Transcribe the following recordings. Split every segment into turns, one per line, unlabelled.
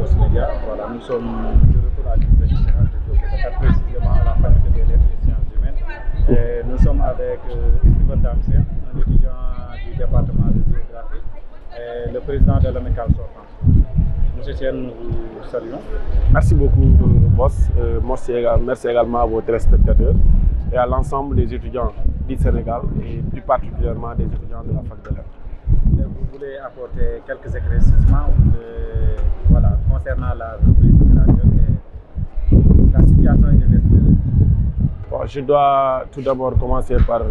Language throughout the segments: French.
Voilà, nous sommes de retour à l'Université générale de Dakar, précisément à la faculté des lettres et sciences humaines. Et nous sommes avec euh, Steven Damsen, un étudiant du département de géographie, et le président de l'amicale sortant. Monsieur Tien, nous vous saluons. Merci beaucoup, euh, Boss. Euh, merci également à vos téléspectateurs et à l'ensemble des étudiants du Sénégal et plus particulièrement des étudiants de la Faculté de lettres. Vous voulez apporter quelques éclaircissements de concernant la reprise la situation universitaire Je dois tout d'abord commencer par, euh,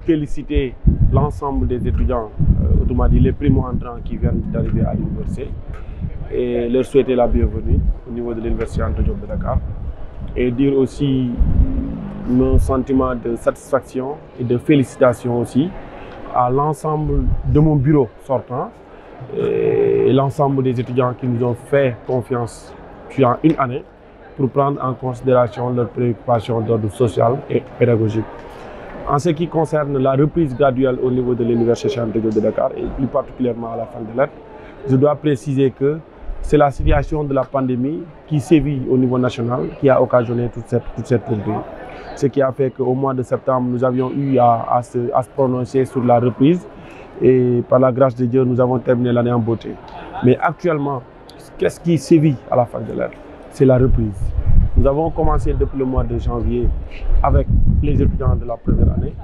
féliciter l'ensemble des étudiants, euh, autrement dit les primo-entrants qui viennent d'arriver à l'université et leur souhaiter la bienvenue au niveau de l'université Antoine de Dakar et dire aussi mon sentiment de satisfaction et de félicitations aussi à l'ensemble de mon bureau sortant et l'ensemble des étudiants qui nous ont fait confiance durant une année pour prendre en considération leurs préoccupations d'ordre social et pédagogique. En ce qui concerne la reprise graduelle au niveau de l'Université Chantegou de Dakar et plus particulièrement à la fin de l'année, je dois préciser que c'est la situation de la pandémie qui sévit au niveau national qui a occasionné toute cette, toute cette Ce qui a fait qu'au mois de septembre, nous avions eu à se prononcer sur la reprise et par la grâce de Dieu, nous avons terminé l'année en beauté. Mais actuellement, qu'est-ce qui sévit à la fin de l'année C'est la reprise. Nous avons commencé depuis le mois de janvier avec les étudiants de la première année.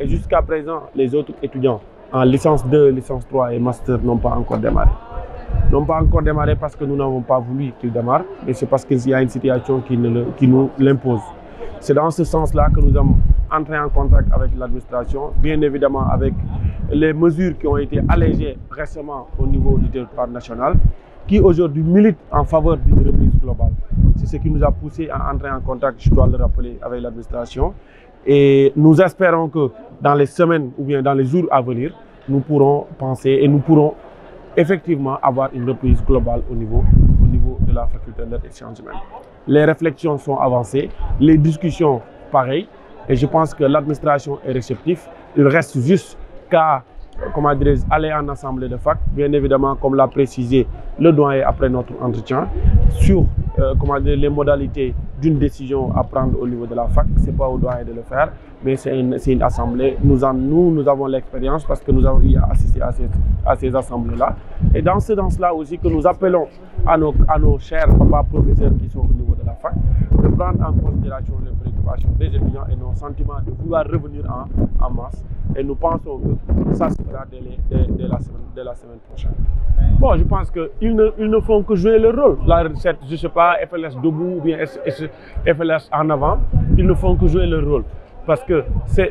Et jusqu'à présent, les autres étudiants en licence 2, licence 3 et master n'ont pas encore démarré. N'ont pas encore démarré parce que nous n'avons pas voulu qu'ils démarrent, mais c'est parce qu'il y a une situation qui, nous l'impose. C'est dans ce sens-là que nous avons entré en contact avec l'administration, bien évidemment avec les mesures qui ont été allégées récemment au niveau du territoire national, qui aujourd'hui militent en faveur d'une reprise globale. C'est ce qui nous a poussé à entrer en contact, je dois le rappeler, avec l'administration. Et nous espérons que dans les semaines ou bien dans les jours à venir, nous pourrons penser et nous pourrons effectivement avoir une reprise globale au niveau, au niveau de la faculté de et sciences humaines. Les réflexions sont avancées, les discussions pareilles, et je pense que l'administration est réceptive. Il reste juste qu'à comment dire, aller en assemblée de fac, bien évidemment, comme l'a précisé le doyen après notre entretien, sur euh, comment dire, les modalités d'une décision à prendre au niveau de la fac. Ce n'est pas au doyen de le faire, mais c'est une, une, assemblée. Nous, en, nous, nous avons l'expérience parce que nous avons assisté à, cette, à ces assemblées-là. Et dans ce sens-là aussi que nous appelons à nos, à nos chers papas professeurs qui sont au niveau de la fac de prendre en considération le préoccupations des étudiants et nos sentiments de vouloir revenir en, en masse. Et nous pensons que ça se dès, la, semaine, la, semaine, prochaine. Bon, je pense qu'ils ne, ils ne font que jouer leur rôle. La recette, je ne sais pas, FLS debout ou bien FLS en avant, ils ne font que jouer leur rôle parce que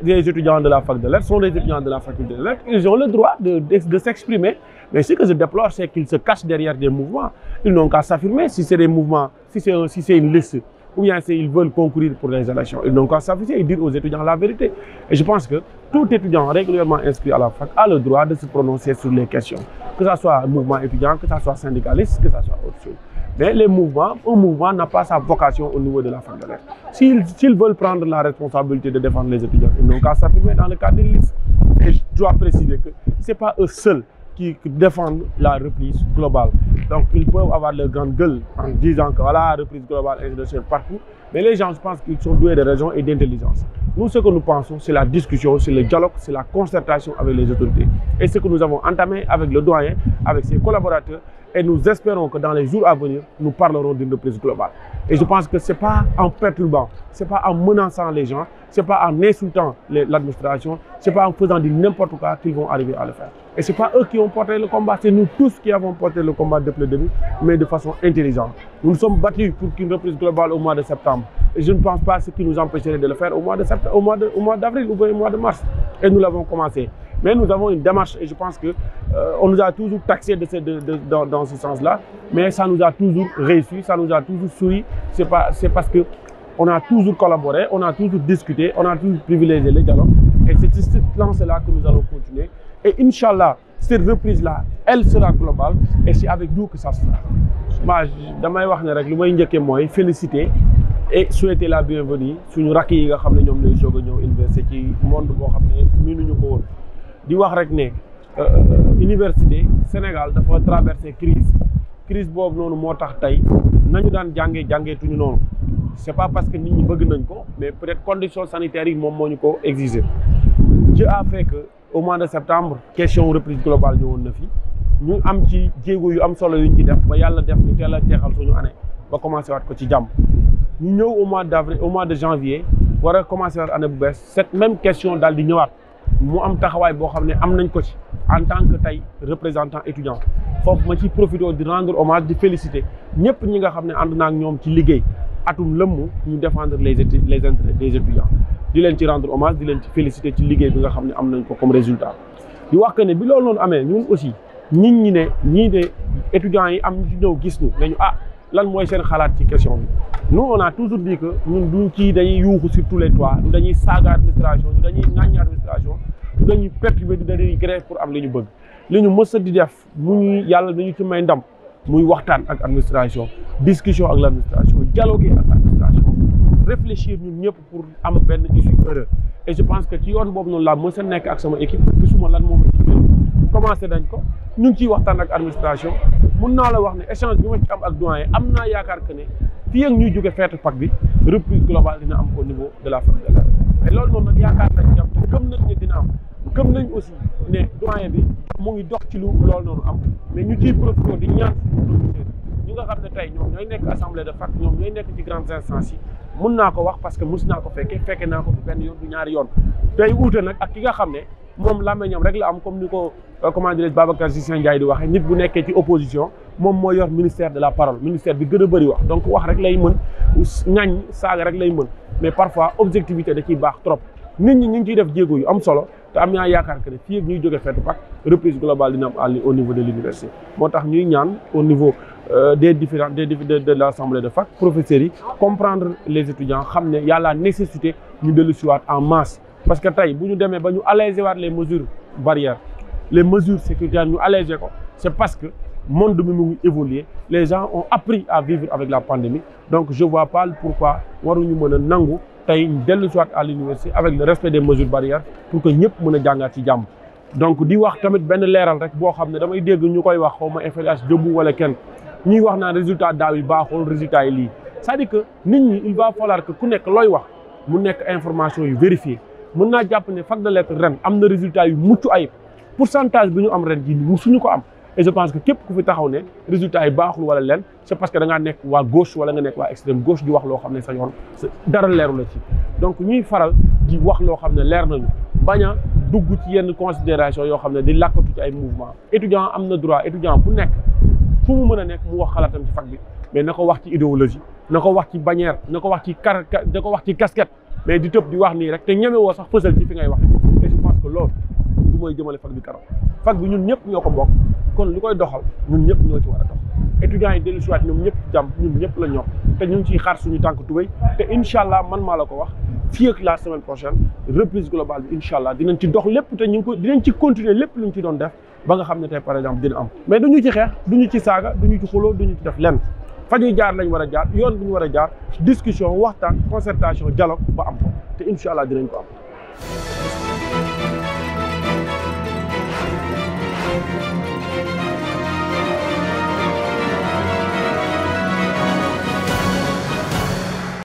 les étudiants de la fac de lettres sont des étudiants de la faculté de lettres, ils ont le droit de, de, s'exprimer. Mais ce que je déplore, c'est qu'ils se cachent derrière des mouvements. Ils n'ont qu'à s'affirmer si c'est des mouvements, si c'est si une liste ou bien s'ils veulent concourir pour l'installation. Ils n'ont qu'à s'afficher et dire aux étudiants la vérité. Et je pense que tout étudiant régulièrement inscrit à la fac a le droit de se prononcer sur les questions, que ce soit mouvement étudiant, que ce soit syndicaliste, que ce soit autre chose. Mais les mouvements, un mouvement n'a pas sa vocation au niveau de la fac de lettres. S'ils veulent prendre la responsabilité de défendre les étudiants, ils n'ont qu'à s'affirmer dans le cadre de listes. Et je dois préciser que ce n'est pas eux seuls qui défendent la reprise globale. Donc, ils peuvent avoir leur grande gueule en disant que voilà, reprise globale etc. partout. Mais les gens, je pense qu'ils sont doués de raison et d'intelligence. Nous, ce que nous pensons, c'est la discussion, c'est le dialogue, c'est la concertation avec les autorités. Et ce que nous avons entamé avec le doyen, avec ses collaborateurs, et nous espérons que dans les jours à venir, nous parlerons d'une reprise globale. Et je pense que ce n'est pas en perturbant, ce n'est pas en menaçant les gens, ce n'est pas en insultant l'administration, ce n'est pas en faisant du n'importe quoi qu'ils vont arriver à le faire. Et ce n'est pas eux qui ont porté le combat, c'est nous tous qui avons porté le combat depuis le début, mais de façon intelligente. Nous nous sommes battus pour qu'une reprise globale au mois de septembre. Et je ne pense pas ce qui nous empêcherait de le faire au mois d'avril ou au mois de mars. Et nous l'avons commencé. Mais nous avons une démarche et je pense qu'on euh, on nous a toujours taxé de, dans, ce sens-là, mais ça nous a toujours réussi, ça nous a toujours souri. C'est parce que on a toujours collaboré, on a toujours discuté, on a toujours privilégié les dialogues. Et c'est ce plan là que nous allons continuer. Et Inch'Allah, cette reprise-là, elle sera globale et c'est avec nous que ça se fera. Moi, je vais féliciter et souhaiter la bienvenue suñu yi nga monde bo di wax rek ne euh, université Sénégal dafa traverser crise crise boobu noonu moo tax tey nañu daan jàngee jàngeetuñu noonu c'est pas parce que nit ñi bëgg nañ ko mais peut-être conditions sanitaires yi moom moo ñu ko exiger je a fait que au mois de septembre question reprise globale ñëwoon na fi ñu am ci jéego yu am solo yuñ ci def ba yàlla def ñu teel a jeexal suñu année ba commencé waat ko ci jàmm ñu ñëw au mois d'avril au mois de janvier war a commencé waat année bu bees cette même question daal di ñëwaat mu am taxaway bo xamné am nañ ko ci en tant que tay représentant étudiant foofu ma ci profité di rendre hommage di féliciter ñëpp ñi nga xamné and ànd naa ak ñoom ci liguey atum lëmm ñu défendre les les intérêts des étudiants di len ci rendre hommage di len ci féliciter ci liguey bi nga xamné am nañ ko comme résultat di wax que ne bi loolu non amé ñun aussi nit ñi né ñi dé étudiants yi am ñu ñëw gis ñu nañu ah lan moy seen xalaat ci question bi nous on a toujours dit que ñun duñ ci dañuy yuuxu sur tous les toits du dañuy saaga administration du dañuy ŋàññi administration dañuy perturber di dañuy créer pour am li ñu bëgg li ñu mës di def mu ñuy yàlla dañu ci may ndam muy waxtaan ak administration discussion ak l' administration dialogue ak administration réfléchir ñu ñëpp pour am benn issue heureux et je pense que ci yoon boobu noonu laa mës nekk ak sama équipe gisuma lan moom commencé dañ ko ñu ci ciy waxtaan ak administration mun naa la wax ne échange bi ma ci am ak doyen am naa yaakaar que ne fii ak ñuy jóge feetu PAK bi reprise globale dina am au niveau de la famille loolu moom nag yaakaar nañ jam te gëm nañ ne bi mu ngi ci lu loolu noonu am ñu ciy profité di nga xam ne tey ñoom ñooy nekk assemblée de PAK ñoom ñooy nekk ci grandes instances yi mun naa ko wax parce que mus naa ko fekkee fekke naa ko bu benn yoon du ñaari yoon tey uute nag ak ki nga xam ne moom ñom rek la comme euh, comment opposition ministère de la parole ministère bi donc wax rek lay mën rek lay mais parfois objectivité da ciy trop nit ñi ciy def solo que ñuy reprise globale au niveau de l'université ñuy au niveau euh, des différents des de l'assemblée de fac comprendre les étudiants xamné y a la nécessité ñu en masse parce que tey bu ñu les mesures barrières les mesures sécuritaires nous alléger ko C'est parce que monde bi mu ngi évoluer les gens ont appris à vivre avec la pandémie donc je vois pas pourquoi waru mën a nangu tey dellu à l'université avec le respect des mesures barrières pour que ñëpp mën a jàngaat ci donc di wax tamit ben leeral rek bo xam damay dégg ñukoy wax xaw ma FLH wala kenn ñi wax na résultat daaw yi baaxul résultat yi li c'est-à-dire que nit ñi il va falloir que ku nekk loy wax mu nekk information yu vérifiée. mën naa jàpp ne fac de lettres ren am na résultat yu mucc ayib pourcentage bi ñu am ren jii musuñu ko am et je pense que képp ku fi taxaw ne résultat yi baaxul wala leen c'est parce que da ngaa nekk waa gauche wala nga nekk waa extrême gauche di wax loo xam ne sa yoon dara leeru la ci donc ñuy faral di wax loo xam ne leer nañu bañ a dugg ci yenn considération yoo xam ne di làkkatu ci ay mouvement étudiant am na droit étudiant bu nekk fu mu mën a nekk mu wax xalaatam ci fac bi mais na ko wax ci idéologie na ko wax ci bannière na ko wax ci car na ko wax ci casquette mais di tëb di wax nii rek te ñeme woo sax fësal ci fi ngay wax te je pense que loolu du mooy jëmale fac bi kanam fac bi ñun ñëpp ñoo ko bokk kon li koy doxal ñun ñëpp ñoo ci war a dox étudiants yi dellu si waat ñoom ñëpp jàmm ñun ñëpp la ñor te ñu ngi ciy xaar suñu tànk tubéy te incha allah man maa la ko wax fii ak la semaine prochaine reprise globale bi incha allah dinañ ci dox lépp te ñu ngi ko dinañ ci continuer lépp lu ñu ci doon def ba nga xam ne tey par exemple dina am mais duñu ci xeex duñu ci saaga duñu ci def lenn fa ñuy jaar lañ war a jaar yoon bi ñu war a jaar discussion waxtaan concertation dialogue ba am ko te incha allah dinañ ko am.